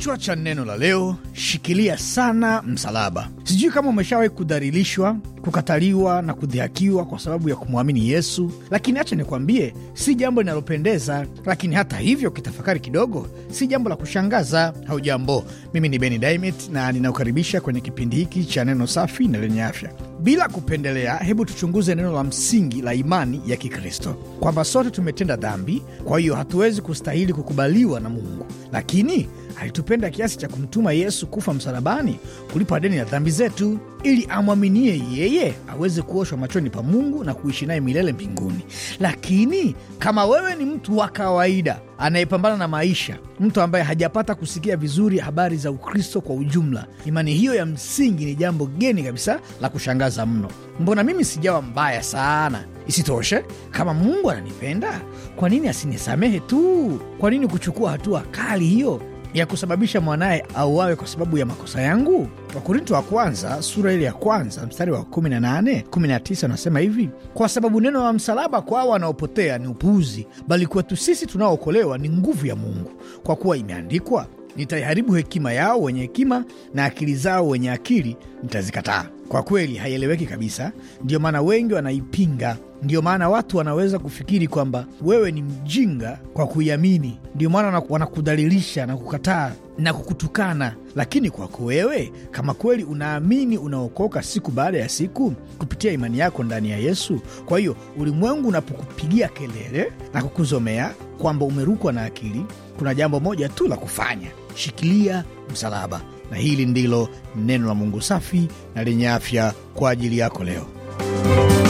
Kichwa cha neno la leo: shikilia sana msalaba. Sijui kama umeshawahi kudhalilishwa, kukataliwa na kudhihakiwa kwa sababu ya kumwamini Yesu, lakini acha nikwambie, si jambo linalopendeza. Lakini hata hivyo, kitafakari kidogo, si jambo la kushangaza. Haujambo, mimi ni Beni Daimet na ninakukaribisha kwenye kipindi hiki cha neno safi na lenye afya. Bila kupendelea, hebu tuchunguze neno la msingi la imani ya Kikristo, kwamba sote tumetenda dhambi, kwa hiyo hatuwezi kustahili kukubaliwa na Mungu, lakini alitupenda kiasi cha kumtuma Yesu kufa msalabani kulipa deni la dhambi zetu, ili amwaminie yeye aweze kuoshwa machoni pa Mungu na kuishi naye milele mbinguni. Lakini kama wewe ni mtu wa kawaida anayepambana na maisha, mtu ambaye hajapata kusikia vizuri habari za Ukristo kwa ujumla, imani hiyo ya msingi ni jambo geni kabisa la kushangaza mno. Mbona mimi sijawa mbaya sana? Isitoshe, kama Mungu ananipenda, kwa nini asinisamehe tu? Kwa nini kuchukua hatua kali hiyo ya kusababisha mwanaye auawe kwa sababu ya makosa yangu? Wakorinto wa kwanza sura ile ya kwanza mstari wa 18 19 anasema hivi: kwa sababu neno la msalaba kwa awa wanaopotea ni upuuzi, bali kwetu sisi tunaookolewa ni nguvu ya Mungu, kwa kuwa imeandikwa nitaiharibu hekima yao wenye hekima na akili zao wenye akili nitazikataa. Kwa kweli haieleweki kabisa, ndiyo maana wengi wanaipinga. Ndiyo maana watu wanaweza kufikiri kwamba wewe ni mjinga kwa kuiamini, ndiyo maana wanakudhalilisha na kukataa na kukutukana. Lakini kwako wewe, kama kweli unaamini, unaokoka siku baada ya siku kupitia imani yako ndani ya Yesu. Kwa hiyo ulimwengu unapokupigia kelele na kukuzomea kwamba umerukwa na akili, kuna jambo moja tu la kufanya: shikilia msalaba. Na hili ndilo neno la Mungu safi na lenye afya kwa ajili yako leo.